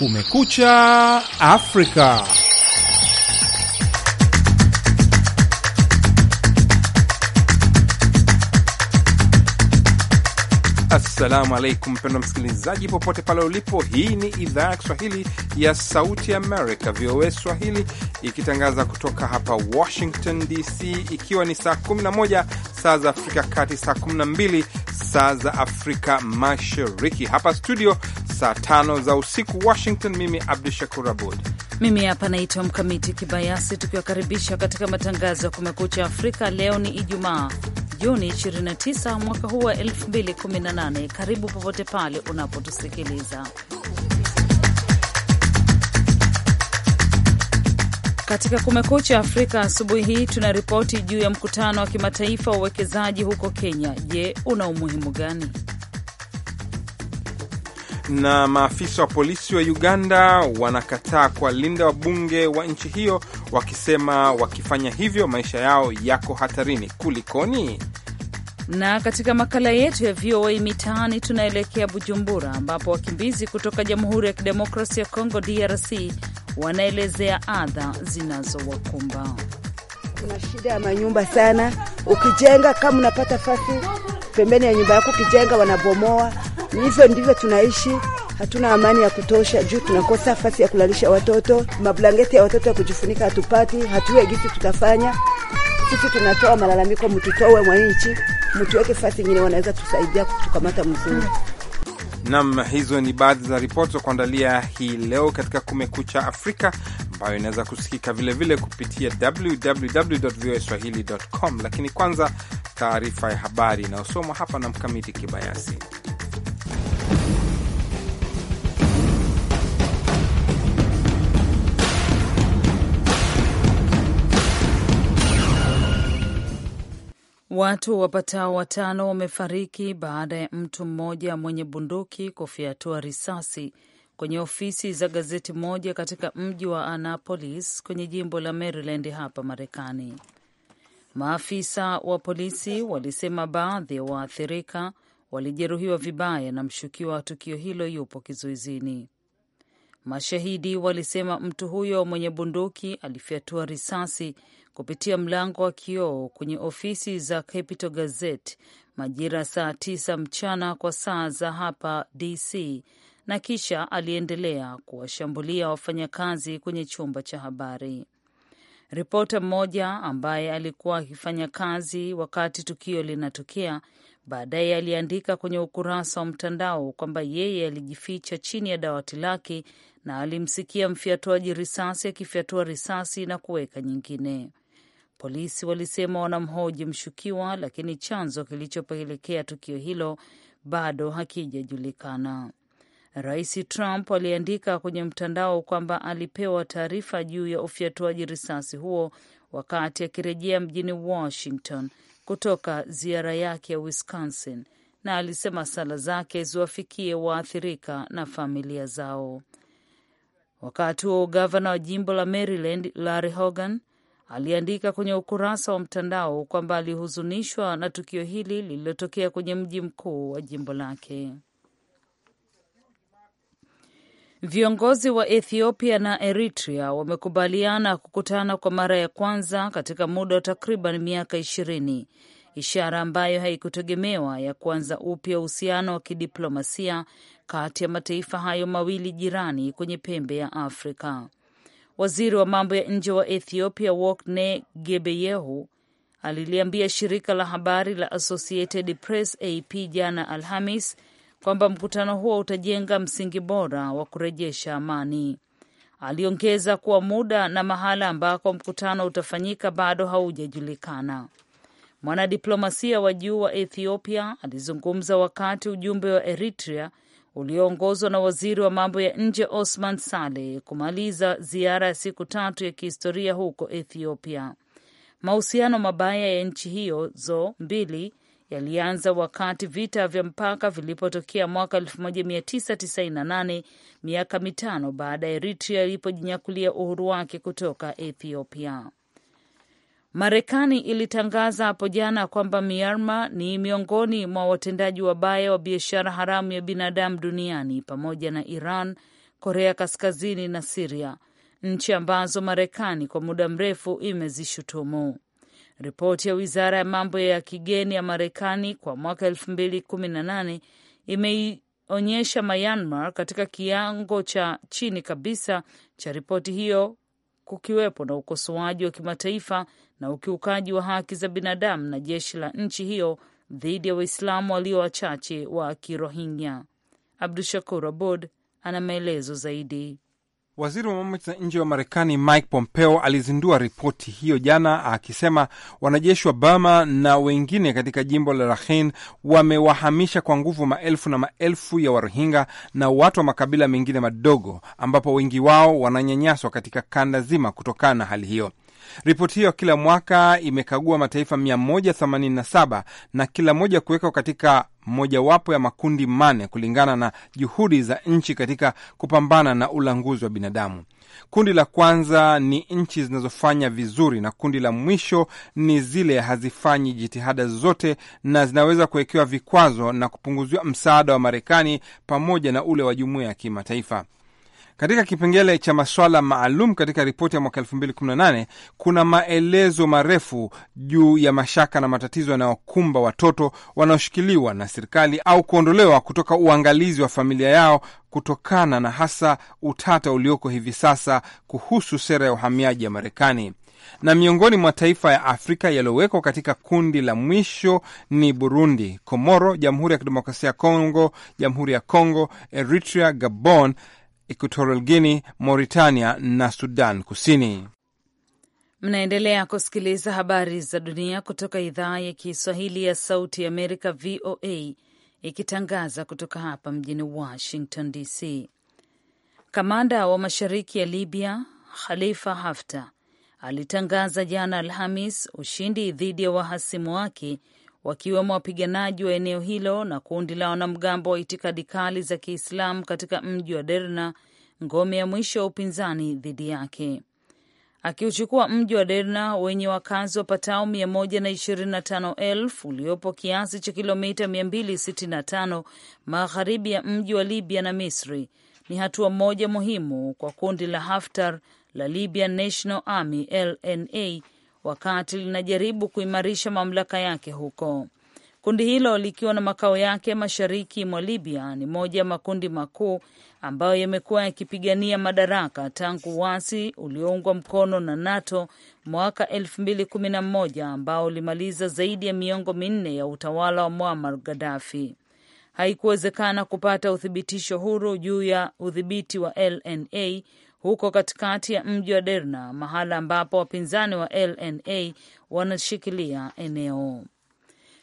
Kumekucha Afrika. Assalamu alaikum, mpendwa msikilizaji popote pale ulipo. Hii ni idhaa ya Kiswahili ya Sauti Amerika, VOA Swahili, ikitangaza kutoka hapa Washington DC, ikiwa ni saa 11 saa za Afrika Kati, saa 12 saa za Afrika Mashariki. Hapa studio saa tano za usiku Washington. Mimi Abdu Shakur Abud, mimi hapa naitwa Mkamiti Kibayasi, tukiwakaribisha katika matangazo ya Kumekucha Afrika. Leo ni Ijumaa, Juni 29 mwaka huu wa 2018. Karibu popote pale unapotusikiliza Katika Kumekucha Afrika asubuhi hii tuna ripoti juu ya mkutano wa kimataifa wa uwekezaji huko Kenya. Je, una umuhimu gani? na maafisa wa polisi wa Uganda wanakataa kuwalinda wabunge wa nchi hiyo, wakisema wakifanya hivyo maisha yao yako hatarini. Kulikoni? Na katika makala yetu ya VOA Mitaani tunaelekea Bujumbura, ambapo wakimbizi kutoka Jamhuri ya Kidemokrasia ya Kongo, DRC, wanaelezea adha zinazowakumba. Kuna shida ya manyumba sana, ukijenga kama unapata fasi pembeni ya nyumba yako, ukijenga wanabomoa Hivyo ndivyo tunaishi, hatuna amani ya kutosha juu tunakosa nafasi ya kulalisha watoto, mablangeti ya watoto ya kujifunika hatupati, hatuwe gitu tutafanya sisi. Tunatoa malalamiko, mtutowe mwa nchi, mtuweke fasi ingine, wanaweza tusaidia kutukamata mzuri. Nam, hizo ni baadhi za ripoti za kuandalia hii leo katika Kumekucha Afrika ambayo inaweza kusikika vilevile kupitia www voa swahili com, lakini kwanza taarifa ya habari inayosomwa hapa na Mkamiti Kibayasi. Watu wapatao watano wamefariki baada ya mtu mmoja mwenye bunduki kufyatua risasi kwenye ofisi za gazeti moja katika mji wa Annapolis kwenye jimbo la Maryland hapa Marekani. Maafisa wa polisi walisema baadhi ya waathirika walijeruhiwa vibaya na mshukiwa wa tukio hilo yupo kizuizini. Mashahidi walisema mtu huyo mwenye bunduki alifyatua risasi kupitia mlango wa kioo kwenye ofisi za Capital Gazette majira saa tisa mchana kwa saa za hapa DC, na kisha aliendelea kuwashambulia wafanyakazi kwenye chumba cha habari. Ripota mmoja ambaye alikuwa akifanya kazi wakati tukio linatokea Baadaye aliandika kwenye ukurasa wa mtandao kwamba yeye alijificha chini ya dawati lake na alimsikia mfyatuaji risasi akifyatua risasi na kuweka nyingine. Polisi walisema wanamhoji mshukiwa, lakini chanzo kilichopelekea tukio hilo bado hakijajulikana. Rais Trump aliandika kwenye mtandao kwamba alipewa taarifa juu ya ufyatuaji risasi huo wakati akirejea mjini Washington kutoka ziara yake ya Wisconsin na alisema sala zake ziwafikie waathirika na familia zao. Wakati huo gavana wa jimbo la Maryland Larry Hogan aliandika kwenye ukurasa wa mtandao kwamba alihuzunishwa na tukio hili lililotokea kwenye mji mkuu wa jimbo lake. Viongozi wa Ethiopia na Eritrea wamekubaliana kukutana kwa mara ya kwanza katika muda wa takriban miaka ishirini, ishara ambayo haikutegemewa ya kuanza upya uhusiano wa kidiplomasia kati ya mataifa hayo mawili jirani kwenye pembe ya Afrika. Waziri wa mambo ya nje wa Ethiopia Wokne Gebeyehu aliliambia shirika la habari la Associated Press AP jana Alhamis kwamba mkutano huo utajenga msingi bora wa kurejesha amani. Aliongeza kuwa muda na mahala ambako mkutano utafanyika bado haujajulikana. Mwanadiplomasia wa juu wa Ethiopia alizungumza wakati ujumbe wa Eritrea ulioongozwa na waziri wa mambo ya nje Osman Saleh kumaliza ziara ya siku tatu ya kihistoria huko Ethiopia. Mahusiano mabaya ya nchi hiyo zo mbili yalianza wakati vita vya mpaka vilipotokea mwaka 1998 miaka mitano baada ya Eritrea ilipojinyakulia uhuru wake kutoka Ethiopia. Marekani ilitangaza hapo jana kwamba Myanmar ni miongoni mwa watendaji wabaya wa biashara haramu ya binadamu duniani pamoja na Iran, Korea Kaskazini na Siria, nchi ambazo Marekani kwa muda mrefu imezishutumu. Ripoti ya wizara ya mambo ya kigeni ya Marekani kwa mwaka elfu mbili kumi na nane imeionyesha Myanmar katika kiango cha chini kabisa cha ripoti hiyo, kukiwepo na ukosoaji wa kimataifa na ukiukaji wa haki za binadamu na jeshi la nchi hiyo dhidi ya Waislamu walio wachache wa Kirohingya. Abdu Shakur Abod ana maelezo zaidi. Waziri wa mambo ya nje wa Marekani Mike Pompeo alizindua ripoti hiyo jana akisema wanajeshi wa Burma na wengine katika jimbo la Rakhine wamewahamisha kwa nguvu maelfu na maelfu ya warohinga na watu wa makabila mengine madogo, ambapo wengi wao wananyanyaswa katika kanda zima. Kutokana na hali hiyo, Ripoti hiyo kila mwaka imekagua mataifa 187 na kila moja kuwekwa katika mojawapo ya makundi mane kulingana na juhudi za nchi katika kupambana na ulanguzi wa binadamu. Kundi la kwanza ni nchi zinazofanya vizuri na kundi la mwisho ni zile hazifanyi jitihada zote na zinaweza kuwekewa vikwazo na kupunguziwa msaada wa Marekani pamoja na ule wa jumuiya ya kimataifa. Katika kipengele cha maswala maalum katika ripoti ya mwaka 2018 kuna maelezo marefu juu ya mashaka na matatizo yanayokumba watoto wanaoshikiliwa na serikali au kuondolewa kutoka uangalizi wa familia yao kutokana na hasa utata ulioko hivi sasa kuhusu sera ya uhamiaji ya Marekani na miongoni mwa taifa ya Afrika yaliyowekwa katika kundi la mwisho ni Burundi, Komoro, Jamhuri ya Kidemokrasia ya Kongo, Jamhuri ya Kongo, Eritrea, Gabon, Equatorial Guinea, Mauritania na Sudan Kusini. Mnaendelea kusikiliza habari za dunia kutoka idhaa ya Kiswahili ya Sauti ya Amerika, VOA, ikitangaza kutoka hapa mjini Washington DC. Kamanda wa mashariki ya Libya Khalifa Haftar alitangaza jana Alhamis ushindi dhidi ya wahasimu wake wakiwemo wapiganaji wa eneo hilo na kundi la wanamgambo wa itikadi kali za Kiislamu katika mji wa Derna, ngome ya mwisho ya upinzani dhidi yake. Akiuchukua mji wa Derna wenye wakazi wapatao 125,000 uliopo kiasi cha kilomita 265 magharibi ya mji wa Libya na Misri, ni hatua moja muhimu kwa kundi la Haftar la Libyan National Army LNA wakati linajaribu kuimarisha mamlaka yake huko. Kundi hilo likiwa na makao yake mashariki mwa Libya ni moja ya makundi makuu ambayo yamekuwa yakipigania madaraka tangu uasi ulioungwa mkono na NATO mwaka 2011 ambao ulimaliza zaidi ya miongo minne ya utawala wa Muammar Gaddafi. Haikuwezekana kupata uthibitisho huru juu ya udhibiti wa LNA huko katikati ya mji wa Derna, mahala ambapo wapinzani wa LNA wanashikilia eneo.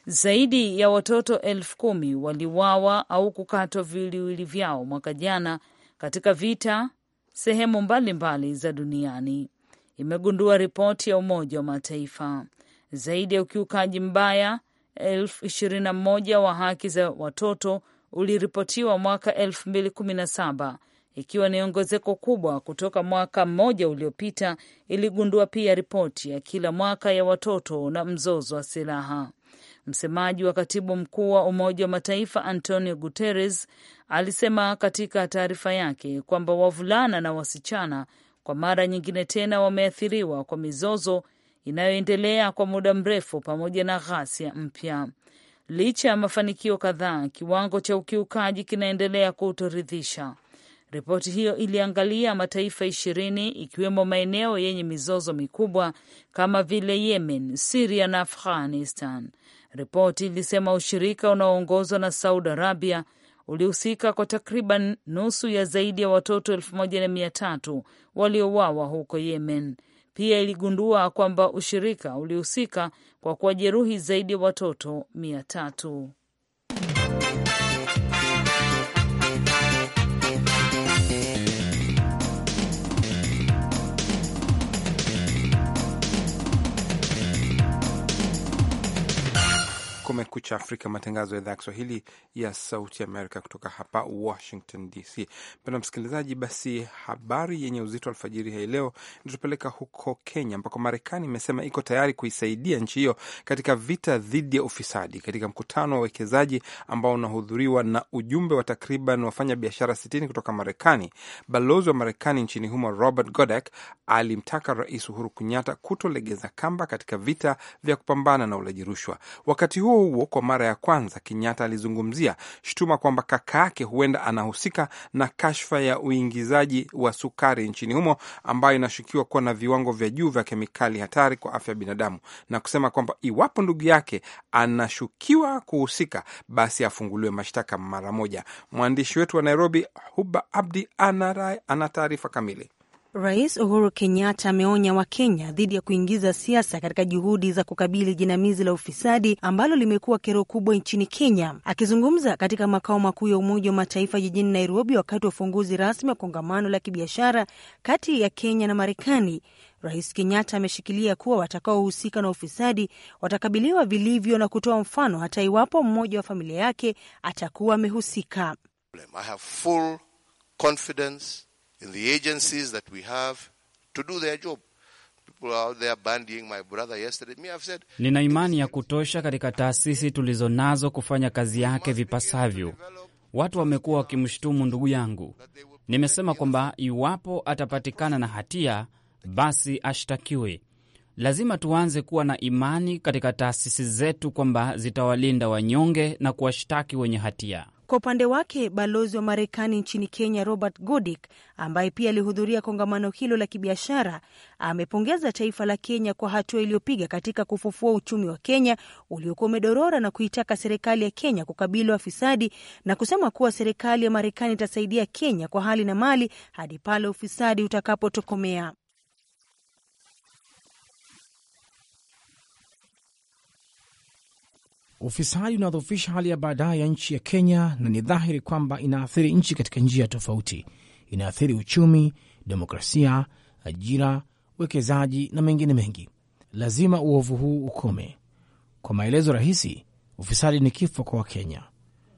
Zaidi ya watoto elfu kumi waliwawa au kukatwa viwiliwili vyao mwaka jana katika vita sehemu mbalimbali mbali za duniani, imegundua ripoti ya Umoja wa Mataifa. Zaidi ya ukiukaji mbaya elfu ishirini na moja wa haki za watoto uliripotiwa mwaka elfu mbili kumi na saba ikiwa ni ongezeko kubwa kutoka mwaka mmoja uliopita, iligundua pia ripoti ya kila mwaka ya watoto na mzozo wa silaha. Msemaji wa katibu mkuu wa Umoja wa Mataifa Antonio Guterres alisema katika taarifa yake kwamba wavulana na wasichana kwa mara nyingine tena wameathiriwa kwa mizozo inayoendelea kwa muda mrefu pamoja na ghasia mpya. Licha ya mafanikio kadhaa, kiwango cha ukiukaji kinaendelea kutoridhisha. Ripoti hiyo iliangalia mataifa ishirini ikiwemo maeneo yenye mizozo mikubwa kama vile Yemen, Siria na Afghanistan. Ripoti ilisema ushirika unaoongozwa na Saudi Arabia ulihusika kwa takriban nusu ya zaidi ya watoto elfu moja na mia tatu waliouawa huko Yemen. Pia iligundua kwamba ushirika ulihusika kwa kuwajeruhi zaidi ya watoto mia tatu. Kumekucha Afrika, matangazo ya idhaa ya Kiswahili ya Sauti Amerika kutoka hapa Washington DC. Mpendwa msikilizaji, basi habari yenye uzito alfajiri hii leo inatupeleka huko Kenya, ambako Marekani imesema iko tayari kuisaidia nchi hiyo katika vita dhidi ya ufisadi. Katika mkutano wa wekezaji ambao unahudhuriwa na ujumbe wa takriban wafanya biashara sitini kutoka Marekani, balozi wa Marekani nchini humo Robert Godek alimtaka Rais Uhuru Kenyatta kutolegeza kamba katika vita vya kupambana na ulaji rushwa. Wakati huo huo kwa mara ya kwanza, Kenyatta alizungumzia shutuma kwamba kaka yake huenda anahusika na kashfa ya uingizaji wa sukari nchini humo ambayo inashukiwa kuwa na viwango vya juu vya kemikali hatari kwa afya ya binadamu, na kusema kwamba iwapo ndugu yake anashukiwa kuhusika, basi afunguliwe mashtaka mara moja. Mwandishi wetu wa Nairobi, Huba Abdi, ana taarifa kamili. Rais Uhuru Kenyatta ameonya Wakenya dhidi ya kuingiza siasa katika juhudi za kukabili jinamizi la ufisadi ambalo limekuwa kero kubwa nchini Kenya. Akizungumza katika makao makuu ya Umoja wa Mataifa jijini Nairobi wakati wa ufunguzi rasmi wa kongamano la kibiashara kati ya Kenya na Marekani, Rais Kenyatta ameshikilia kuwa watakaohusika na ufisadi watakabiliwa vilivyo na kutoa mfano hata iwapo mmoja wa familia yake atakuwa amehusika. I have full confidence in the agencies that we have to do their job. People are out there bandying my brother yesterday. Me, said, nina imani ya kutosha katika taasisi tulizo nazo kufanya kazi yake vipasavyo. Watu wamekuwa wakimshutumu ndugu yangu. Nimesema kwamba iwapo atapatikana na hatia, basi ashtakiwe. Lazima tuanze kuwa na imani katika taasisi zetu kwamba zitawalinda wanyonge na kuwashtaki wenye hatia. Kwa upande wake balozi wa Marekani nchini Kenya Robert godik ambaye pia alihudhuria kongamano hilo la kibiashara, amepongeza taifa la Kenya kwa hatua iliyopiga katika kufufua uchumi wa Kenya uliokuwa umedorora na kuitaka serikali ya Kenya kukabili wafisadi na kusema kuwa serikali ya Marekani itasaidia Kenya kwa hali na mali hadi pale ufisadi utakapotokomea. Ufisadi unadhoofisha hali ya baadaye ya nchi ya Kenya, na ni dhahiri kwamba inaathiri nchi katika njia tofauti. Inaathiri uchumi, demokrasia, ajira, uwekezaji na mengine mengi. Lazima uovu huu ukome. Kwa maelezo rahisi, ufisadi ni kifo kwa Wakenya.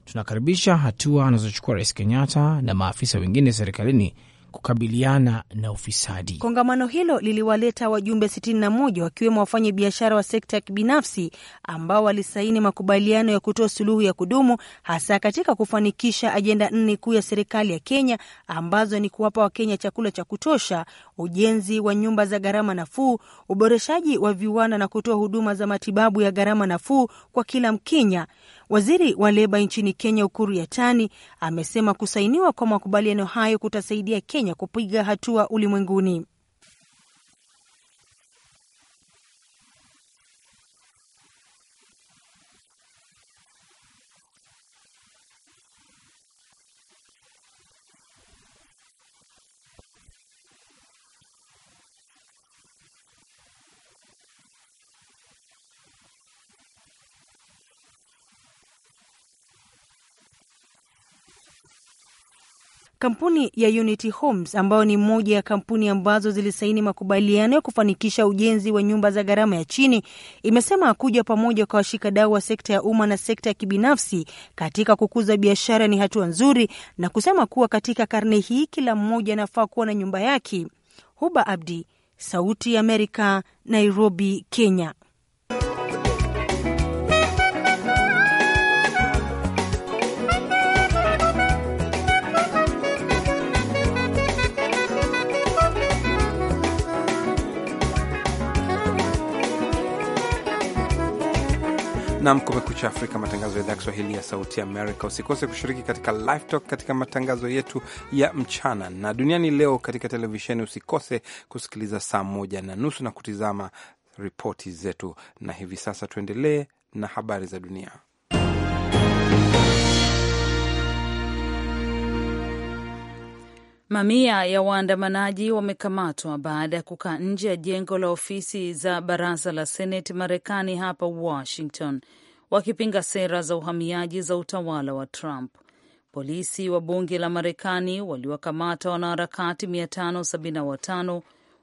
Tunakaribisha hatua anazochukua Rais Kenyatta na maafisa wengine serikalini kukabiliana na ufisadi. Kongamano hilo liliwaleta wajumbe 61 wakiwemo wafanya biashara wa sekta ya kibinafsi ambao walisaini makubaliano ya kutoa suluhu ya kudumu hasa katika kufanikisha ajenda nne kuu ya serikali ya Kenya ambazo ni kuwapa Wakenya chakula cha kutosha, ujenzi wa nyumba za gharama nafuu, uboreshaji wa viwanda na kutoa huduma za matibabu ya gharama nafuu kwa kila Mkenya. Waziri wa leba nchini Kenya, Ukuru Yatani, amesema kusainiwa kwa makubaliano hayo kutasaidia Kenya kupiga hatua ulimwenguni. Kampuni ya Unity Homes ambayo ni moja ya kampuni ambazo zilisaini makubaliano ya kufanikisha ujenzi wa nyumba za gharama ya chini imesema kuja pamoja kwa washikadau wa sekta ya umma na sekta ya kibinafsi katika kukuza biashara ni hatua nzuri, na kusema kuwa katika karne hii kila mmoja anafaa kuwa na nyumba yake. Huba Abdi, Sauti ya Amerika, Nairobi, Kenya. Nam kumekucha Afrika, matangazo ya idhaa Kiswahili ya sauti Amerika. Usikose kushiriki katika live talk katika matangazo yetu ya mchana na duniani leo katika televisheni. Usikose kusikiliza saa moja na nusu na kutizama ripoti zetu, na hivi sasa tuendelee na habari za dunia. Mamia ya waandamanaji wamekamatwa baada ya kukaa nje ya jengo la ofisi za baraza la seneti Marekani hapa Washington, wakipinga sera za uhamiaji za utawala wa Trump. Polisi wa bunge la Marekani waliwakamata wanaharakati 575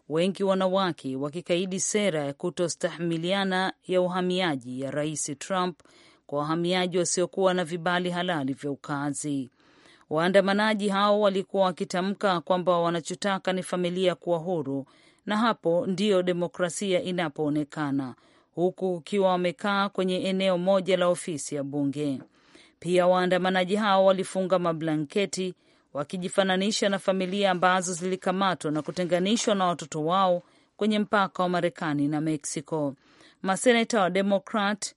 wengi wanawake, wakikaidi sera ya kutostahimiliana ya uhamiaji ya Rais Trump kwa wahamiaji wasiokuwa na vibali halali vya ukaazi. Waandamanaji hao walikuwa wakitamka kwamba wanachotaka ni familia kuwa huru, na hapo ndiyo demokrasia inapoonekana, huku ukiwa wamekaa kwenye eneo moja la ofisi ya bunge. Pia waandamanaji hao walifunga mablanketi wakijifananisha na familia ambazo zilikamatwa na kutenganishwa na watoto wao kwenye mpaka wa Marekani na Meksiko. Maseneta wa Demokrat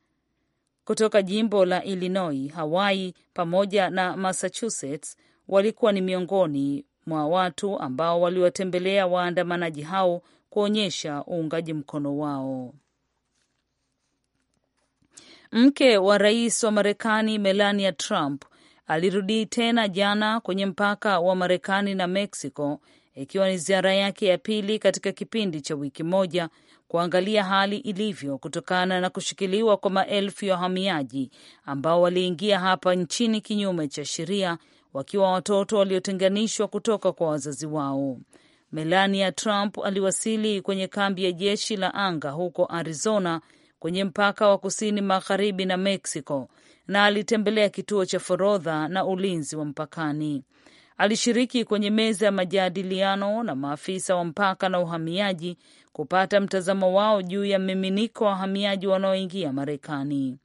kutoka jimbo la Illinois, Hawaii pamoja na Massachusetts walikuwa ni miongoni mwa watu ambao waliwatembelea waandamanaji hao kuonyesha uungaji mkono wao. Mke wa rais wa Marekani Melania Trump alirudi tena jana kwenye mpaka wa Marekani na Mexico, ikiwa ni ziara yake ya pili katika kipindi cha wiki moja kuangalia hali ilivyo kutokana na kushikiliwa kwa maelfu ya wahamiaji ambao waliingia hapa nchini kinyume cha sheria wakiwa watoto waliotenganishwa kutoka kwa wazazi wao. Melania Trump aliwasili kwenye kambi ya jeshi la anga huko Arizona kwenye mpaka wa kusini magharibi na Mexico na alitembelea kituo cha forodha na ulinzi wa mpakani alishiriki kwenye meza ya majadiliano na maafisa wa mpaka na uhamiaji kupata mtazamo wao juu ya mmiminiko wa wahamiaji wanaoingia Marekani.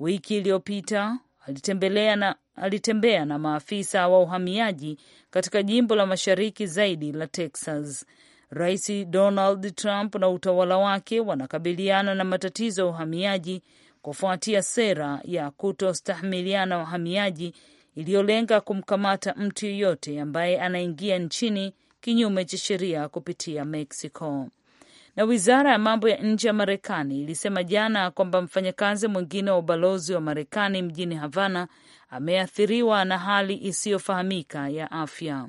Wiki iliyopita alitembelea na alitembea na maafisa wa uhamiaji katika jimbo la mashariki zaidi la Texas. Rais Donald Trump na utawala wake wanakabiliana na matatizo ya uhamiaji kufuatia sera ya kutostahimiliana wahamiaji iliyolenga kumkamata mtu yeyote ambaye anaingia nchini kinyume cha sheria kupitia Mexico. Na wizara ya mambo ya nje ya Marekani ilisema jana kwamba mfanyakazi mwingine wa ubalozi wa Marekani mjini Havana ameathiriwa na hali isiyofahamika ya afya.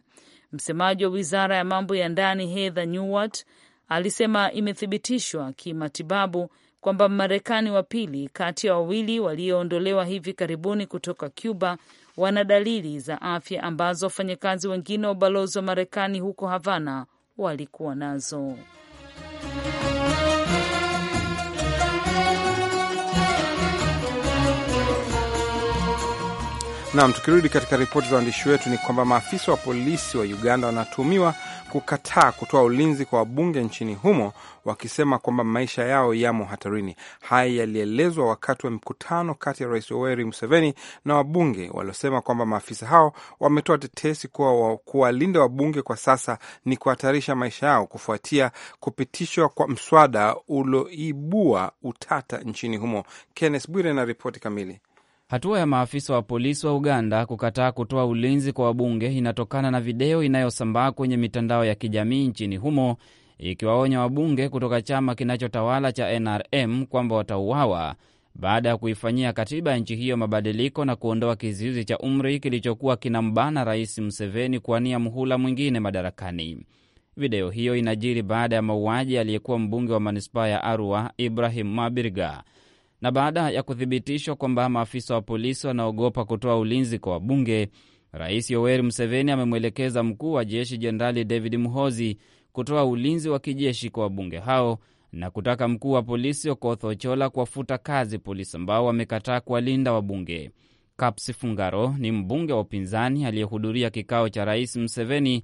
Msemaji wa wizara ya mambo ya ndani Heather Nauert alisema imethibitishwa kimatibabu kwamba marekani wa pili kati ya wawili walioondolewa hivi karibuni kutoka Cuba wana dalili za afya ambazo wafanyakazi wengine wa ubalozi wa Marekani huko Havana walikuwa nazo. Nam, tukirudi katika ripoti za waandishi wetu ni kwamba maafisa wa polisi wa Uganda wanatuhumiwa kukataa kutoa ulinzi kwa wabunge nchini humo, wakisema kwamba maisha yao yamo hatarini. Haya yalielezwa wakati wa mkutano kati ya Rais Yoweri Museveni na wabunge waliosema kwamba maafisa hao wametoa tetesi kuwa kuwalinda wabunge kwa sasa ni kuhatarisha maisha yao kufuatia kupitishwa kwa mswada ulioibua utata nchini humo. Kenneth Bwire na ripoti kamili. Hatua ya maafisa wa polisi wa Uganda kukataa kutoa ulinzi kwa wabunge inatokana na video inayosambaa kwenye mitandao ya kijamii nchini humo ikiwaonya wabunge kutoka chama kinachotawala cha NRM kwamba watauawa baada ya kuifanyia katiba ya nchi hiyo mabadiliko na kuondoa kizuizi cha umri kilichokuwa kinambana Rais Museveni kuwania mhula mwingine madarakani. Video hiyo inajiri baada ya mauaji aliyekuwa mbunge wa manispaa ya Arua Ibrahim Mabirga na baada ya kuthibitishwa kwamba maafisa wa polisi wanaogopa kutoa ulinzi kwa wabunge, Rais Yoweri Museveni amemwelekeza mkuu wa jeshi Jenerali David Muhozi kutoa ulinzi wa kijeshi kwa wabunge hao na kutaka mkuu wa polisi Okoth Ochola kuwafuta kazi polisi ambao wamekataa kuwalinda wabunge. Kapsi Fungaro ni mbunge wa upinzani aliyehudhuria kikao cha Rais Museveni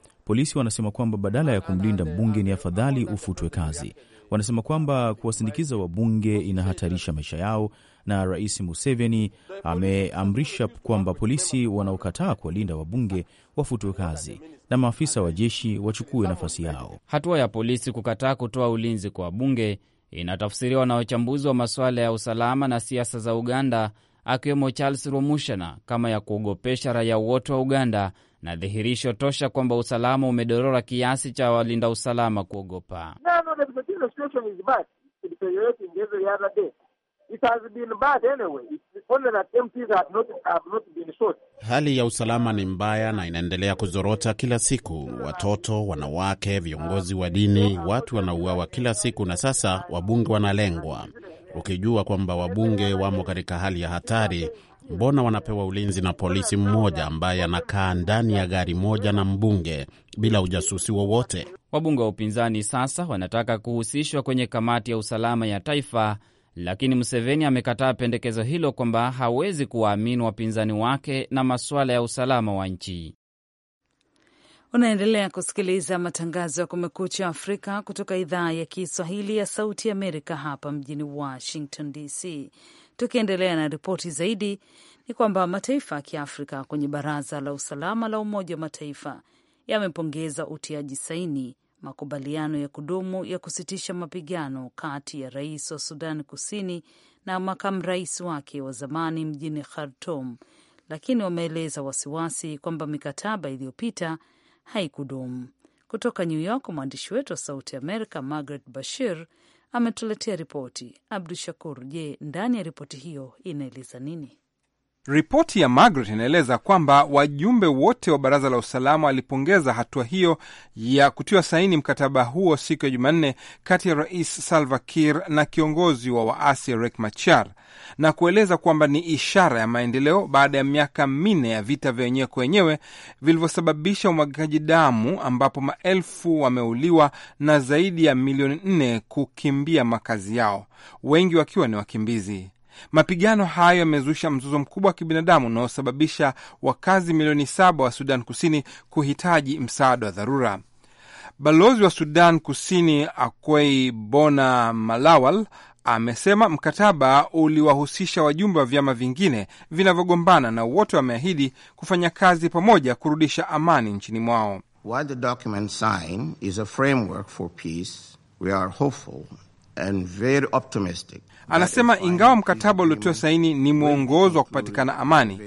Polisi wanasema kwamba badala ya kumlinda mbunge ni afadhali ufutwe kazi. Wanasema kwamba kuwasindikiza wabunge inahatarisha maisha yao, na Rais Museveni ameamrisha kwamba polisi wanaokataa kuwalinda wabunge wafutwe kazi na maafisa wa jeshi wachukue nafasi yao. Hatua ya polisi kukataa kutoa ulinzi kwa wabunge inatafsiriwa na wachambuzi wa masuala ya usalama na siasa za Uganda, akiwemo Charles Romushana, kama ya kuogopesha raia wote wa Uganda na dhihirisho tosha kwamba usalama umedorora kiasi cha walinda usalama kuogopa. Hali ya usalama ni mbaya na inaendelea kuzorota kila siku. Watoto, wanawake, viongozi wa dini, watu wanauawa kila siku, na sasa wabunge wanalengwa, ukijua kwamba wabunge wamo katika hali ya hatari Mbona wanapewa ulinzi na polisi mmoja ambaye anakaa ndani ya gari moja na mbunge bila ujasusi wowote? Wabunge wa upinzani sasa wanataka kuhusishwa kwenye kamati ya usalama ya taifa, lakini Museveni amekataa pendekezo hilo kwamba hawezi kuwaamini wapinzani wake na masuala ya usalama wa nchi. Unaendelea kusikiliza matangazo ya Kumekucha Afrika kutoka idhaa ya Kiswahili ya Sauti Amerika hapa mjini Washington DC. Tukiendelea na ripoti zaidi, ni kwamba mataifa ya Kiafrika kwenye Baraza la Usalama la Umoja wa Mataifa yamepongeza utiaji saini makubaliano ya kudumu ya kusitisha mapigano kati ya rais wa Sudan Kusini na makamu rais wake wa zamani mjini khartum lakini wameeleza wasiwasi kwamba mikataba iliyopita haikudumu. Kutoka New York, mwandishi wetu wa Sauti Amerika Margaret Bashir ametuletea ripoti. Abdu Shakur, je, ndani ya ripoti hiyo inaeleza nini? Ripoti ya Margaret inaeleza kwamba wajumbe wote wa baraza la usalama walipongeza hatua hiyo ya kutiwa saini mkataba huo siku ya Jumanne kati ya rais Salva Kiir na kiongozi wa waasi Riek Machar na kueleza kwamba ni ishara ya maendeleo baada ya miaka minne ya vita vya wenyewe kwa wenyewe vilivyosababisha umwagikaji damu, ambapo maelfu wameuliwa na zaidi ya milioni nne kukimbia makazi yao, wengi wakiwa ni wakimbizi. Mapigano hayo yamezusha mzozo mkubwa wa kibinadamu unaosababisha wakazi milioni saba wa Sudan Kusini kuhitaji msaada wa dharura. Balozi wa Sudan Kusini Akwei Bona Malawal amesema mkataba uliwahusisha wajumbe wa vyama vingine vinavyogombana na wote wameahidi kufanya kazi pamoja kurudisha amani nchini mwao. What the document sign is a framework for peace. We are hopeful And very optimistic. Anasema ingawa mkataba uliotiwa saini ni mwongozo wa kupatikana amani,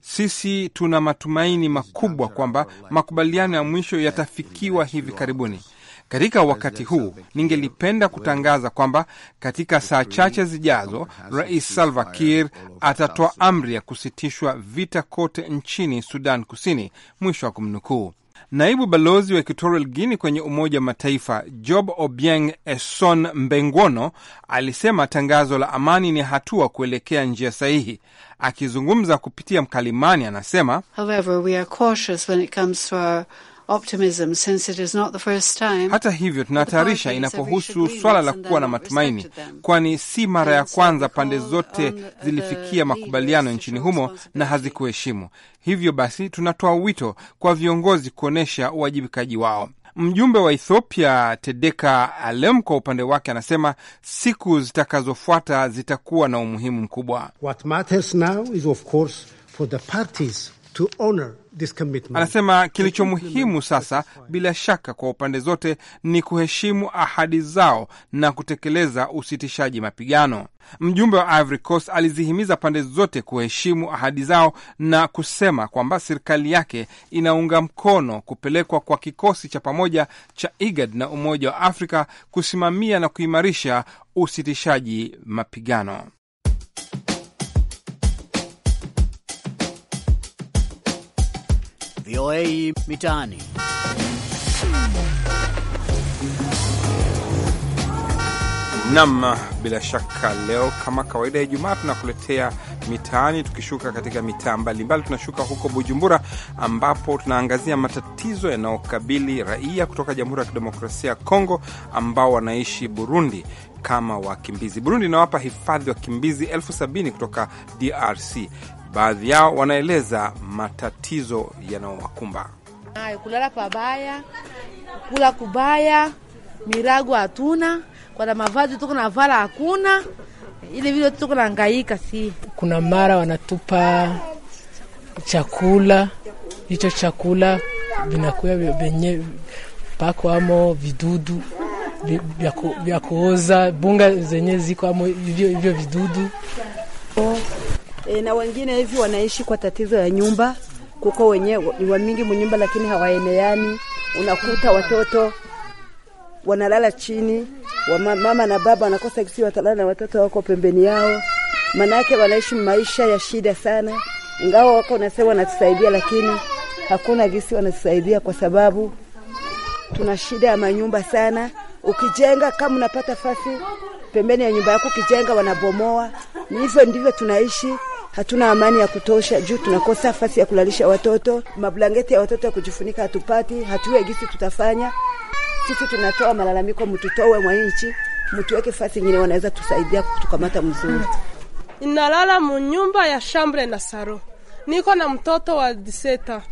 sisi tuna matumaini makubwa kwamba makubaliano ya mwisho yatafikiwa hivi karibuni. Katika wakati huu, ningelipenda kutangaza kwamba katika saa chache zijazo, Rais Salva Kiir atatoa amri ya kusitishwa vita kote nchini Sudan Kusini, mwisho wa kumnukuu. Naibu balozi wa Equatorial Guinea kwenye Umoja wa Mataifa Job Obieng eson Mbengwono alisema tangazo la amani ni hatua kuelekea njia sahihi. Akizungumza kupitia mkalimani, anasema However, we are optimism since it is not the first time. Hata hivyo tunatayarisha inapohusu swala la kuwa na matumaini, kwani si mara ya kwanza pande zote zilifikia makubaliano nchini humo na hazikuheshimu. Hivyo basi tunatoa wito kwa viongozi kuonyesha uwajibikaji wao. Mjumbe wa Ethiopia Tedeka Alem kwa upande wake anasema siku zitakazofuata zitakuwa na umuhimu mkubwa. What matters now is of course for the parties to honor this commitment. Anasema kilicho muhimu sasa, bila shaka, kwa upande zote ni kuheshimu ahadi zao na kutekeleza usitishaji mapigano. Mjumbe wa Ivory Coast alizihimiza pande zote kuheshimu ahadi zao na kusema kwamba serikali yake inaunga mkono kupelekwa kwa kikosi cha pamoja cha IGAD na Umoja wa Afrika kusimamia na kuimarisha usitishaji mapigano. VOA Mitaani. Nam, bila shaka leo kama kawaida ya Ijumaa tunakuletea mitaani, tukishuka katika mitaa mbalimbali. Tunashuka huko Bujumbura, ambapo tunaangazia matatizo yanayokabili raia kutoka Jamhuri ya Kidemokrasia ya Kongo ambao wanaishi Burundi kama wakimbizi. Burundi inawapa hifadhi wakimbizi elfu sabini kutoka DRC. Baadhi yao wanaeleza matatizo yanayowakumba: kulala pabaya, kula kubaya, mirago hatuna kwa mavazi tuko na vala hakuna, ile vile tuko na ngaika Si kuna mara wanatupa chakula, hicho chakula vinakuwa venye pako amo vidudu vya kuoza, bunga zenye ziko amo hivyo vidudu e, na wengine hivi wanaishi kwa tatizo ya nyumba, kuko wenyewe ni wamingi munyumba, lakini hawaeneani, unakuta watoto wanalala chini, mama na baba wanakosa kisi, watalala na watoto wako pembeni yao. Maana yake wanaishi maisha ya shida sana, ingawa wako nasema wanatusaidia, lakini hakuna gisi wanatusaidia kwa sababu tuna shida ya manyumba sana. Ukijenga kama unapata fasi pembeni ya nyumba yako, ukijenga wanabomoa. Ni hivyo ndivyo tunaishi. Hatuna amani ya kutosha juu tunakosa fasi ya kulalisha watoto, mablangeti ya watoto ya kujifunika hatupati, hatuwe gisi tutafanya sisi tunatoa malalamiko, mtutoe mwa nchi, mtuweke fasi nyingine, wanaweza tusaidia kutukamata mzuri. Ninalala munyumba ya shambre na saro, niko na mtoto wa diseta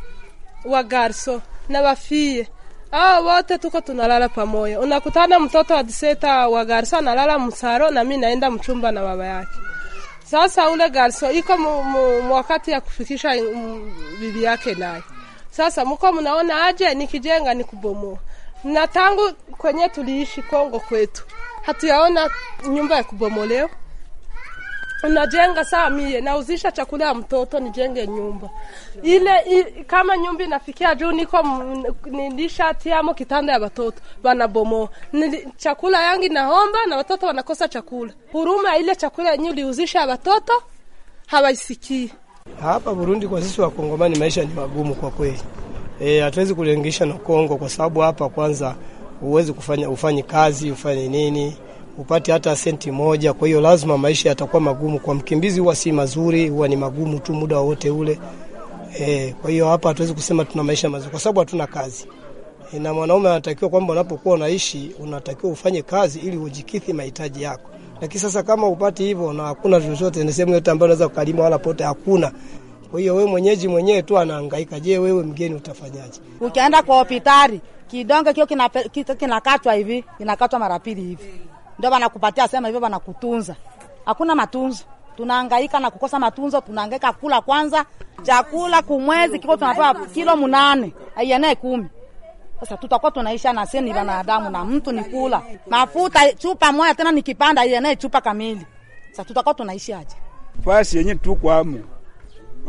wa garso na wafie Aa, wote tuko tunalala pamoja. Unakutana mtoto wa diseta wa garso analala msaro, na mimi naenda mchumba na baba yake. Sasa ule garso iko mwakati ya kufikisha mm, bibi yake naye. Sasa mko mnaona aje nikijenga nikubomoa na tangu kwenye tuliishi Kongo kwetu hatuyaona nyumba ya kubomolewa. Unajenga saa mie nauzisha chakula ya mtoto nijenge nyumba ile i, kama nyumba inafikia juu niko nilishatiamo kitanda ya watoto wanabomoa chakula yangi naomba na watoto wanakosa chakula. Huruma ile chakula yenyewe uliuzisha watoto hawaisikii. Hapa Burundi kwa sisi Wakongomani maisha ni magumu kwa kweli. E, hatuwezi e, kulinganisha na Kongo kwa sababu hapa kwanza huwezi kufanya ufanye kazi ufanye nini upate hata senti moja. Kwa hiyo lazima maisha yatakuwa magumu kwa mkimbizi, huwa si mazuri, huwa ni magumu tu muda wote ule e. Kwa hiyo hapa hatuwezi kusema tuna maisha mazuri kwa sababu hatuna kazi e, na mwanaume anatakiwa kwamba unapokuwa unaishi unatakiwa ufanye kazi ili ujikithi mahitaji yako, lakini sasa kama upati hivyo na hakuna vyovyote, ni sehemu yote ambayo unaweza kukalima wala pote hakuna kwa hiyo wewe mwenyeji mwenyewe tu anahangaika, je, wewe mgeni utafanyaje? Ukienda kwa hospitali kidonge kio kinakatwa hivi, kinakatwa mara pili hivi, ndio wanakupatia sema hivyo, wanakutunza. Hakuna matunzo, tunahangaika na kukosa matunzo, tunahangaika kula kwanza chakula kumwezi kiko tunapewa kilo mnane aienee kumi. Sasa tutakuwa tunaisha na sisi ni wanadamu na mtu ni kula mafuta chupa moja tena nikipanda aienee chupa kamili. Sasa tutakuwa tunaishi aje? Fasi yenye tu kwa amu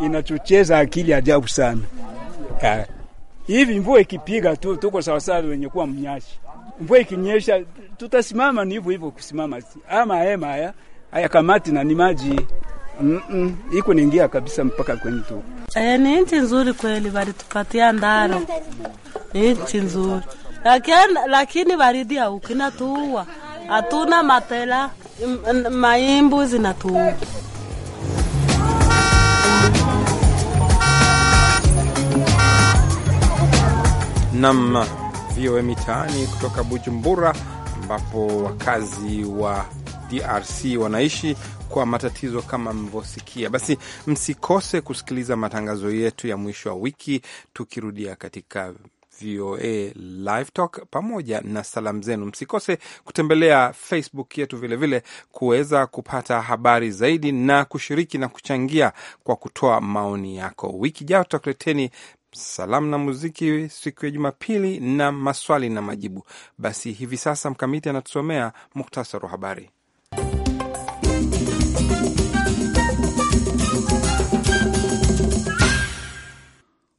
inachocheza akili ajabu sana. Hivi mvua ikipiga tu tuko sawasawa wenye kuwa mnyashi. Mvua ikinyesha tutasimama ni hivyo hivyo kusimama. Ama hema haya haya kamati na ni maji. Mm -mm, iko niingia kabisa mpaka kwenye tu. Eh, ni nchi nzuri kweli walitupatia ndaro. Ni nchi nzuri. Lakini lakini baridi haukina tuua. Hatuna matela, maimbu zinatuua. Nam VOA Mitaani kutoka Bujumbura, ambapo wakazi wa DRC wanaishi kwa matatizo kama mlivyosikia. Basi msikose kusikiliza matangazo yetu ya mwisho wa wiki, tukirudia katika VOA Live Talk pamoja na salamu zenu. Msikose kutembelea Facebook yetu vilevile kuweza kupata habari zaidi na kushiriki na kuchangia kwa kutoa maoni yako. Wiki jao tutakuleteni salamu na muziki siku ya Jumapili na maswali na majibu. Basi hivi sasa Mkamiti anatusomea muktasari wa habari.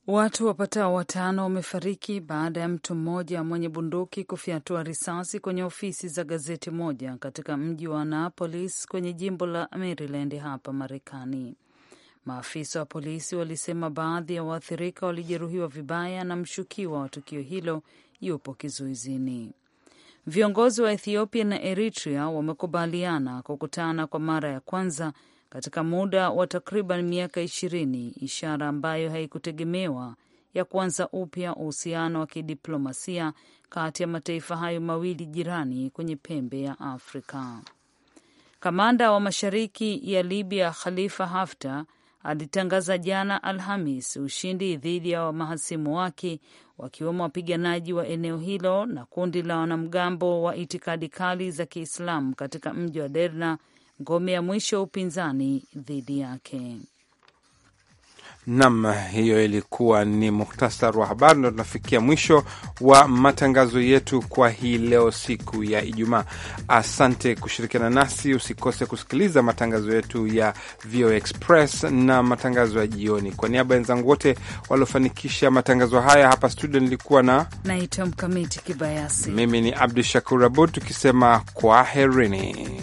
Watu wapatao watano wamefariki baada ya mtu mmoja mwenye bunduki kufyatua risasi kwenye ofisi za gazeti moja katika mji wa Annapolis kwenye jimbo la Maryland hapa Marekani. Maafisa wa polisi walisema baadhi ya waathirika walijeruhiwa vibaya na mshukiwa wa tukio hilo yupo kizuizini. Viongozi wa Ethiopia na Eritrea wamekubaliana kukutana kwa mara ya kwanza katika muda wa takriban miaka ishirini, ishara ambayo haikutegemewa ya kuanza upya uhusiano wa kidiplomasia kati ya mataifa hayo mawili jirani kwenye pembe ya Afrika. Kamanda wa mashariki ya Libya Khalifa Haftar alitangaza jana Alhamis ushindi dhidi ya mahasimu wake wakiwemo wapiganaji wa eneo hilo na kundi la wanamgambo wa itikadi kali za Kiislamu katika mji wa Derna, ngome ya mwisho ya upinzani dhidi yake. Nam, hiyo ilikuwa ni muhtasari wa habari. Ndo tunafikia mwisho wa matangazo yetu kwa hii leo, siku ya Ijumaa. Asante kushirikiana nasi, usikose kusikiliza matangazo yetu ya VO Express na matangazo ya jioni. Kwa niaba ya wenzangu wote waliofanikisha matangazo haya hapa studio, nilikuwa na naitwa Mkamiti Kibayasi, mimi ni Abdu Shakur Abud, tukisema kwaherini.